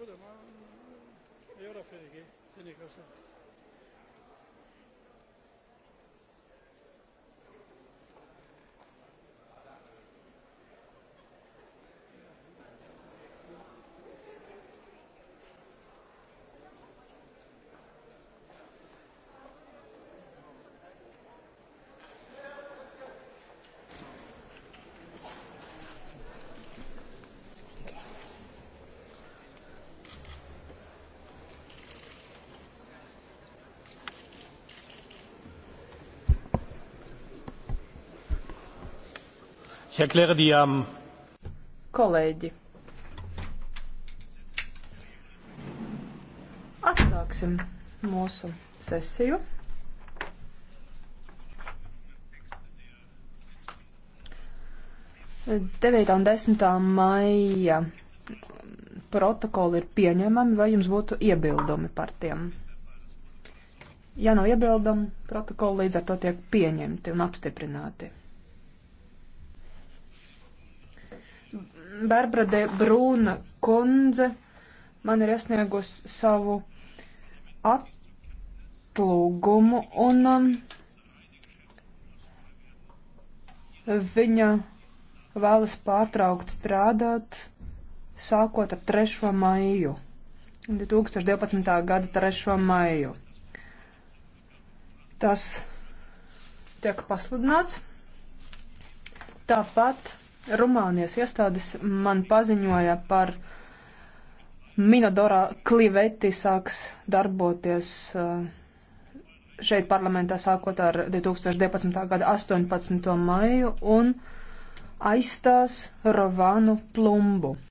Burada ama yor affedeki seni kasar. Ich erkläre die am. Um... Kolēģi. Atsāksim mūsu sesiju. Devītā un desmitā maija protokoli ir pieņemami, vai jums būtu iebildumi par tiem? Ja nav iebildumi, protokoli līdz ar to tiek pieņemti un apstiprināti. Barbara de Brūna kundze man ir iesniegus savu atlūgumu un um, viņa vēlas pārtraukt strādāt sākot ar 3. maiju, 2012. gada 3. maiju. Tas tiek pasludināts. Tāpat Rumānijas iestādes man paziņoja par Minodorā kliveti sāks darboties eh, šeit parlamentā sākot ar 2012. gada 18. maiju un aizstās Rovanu plumbu.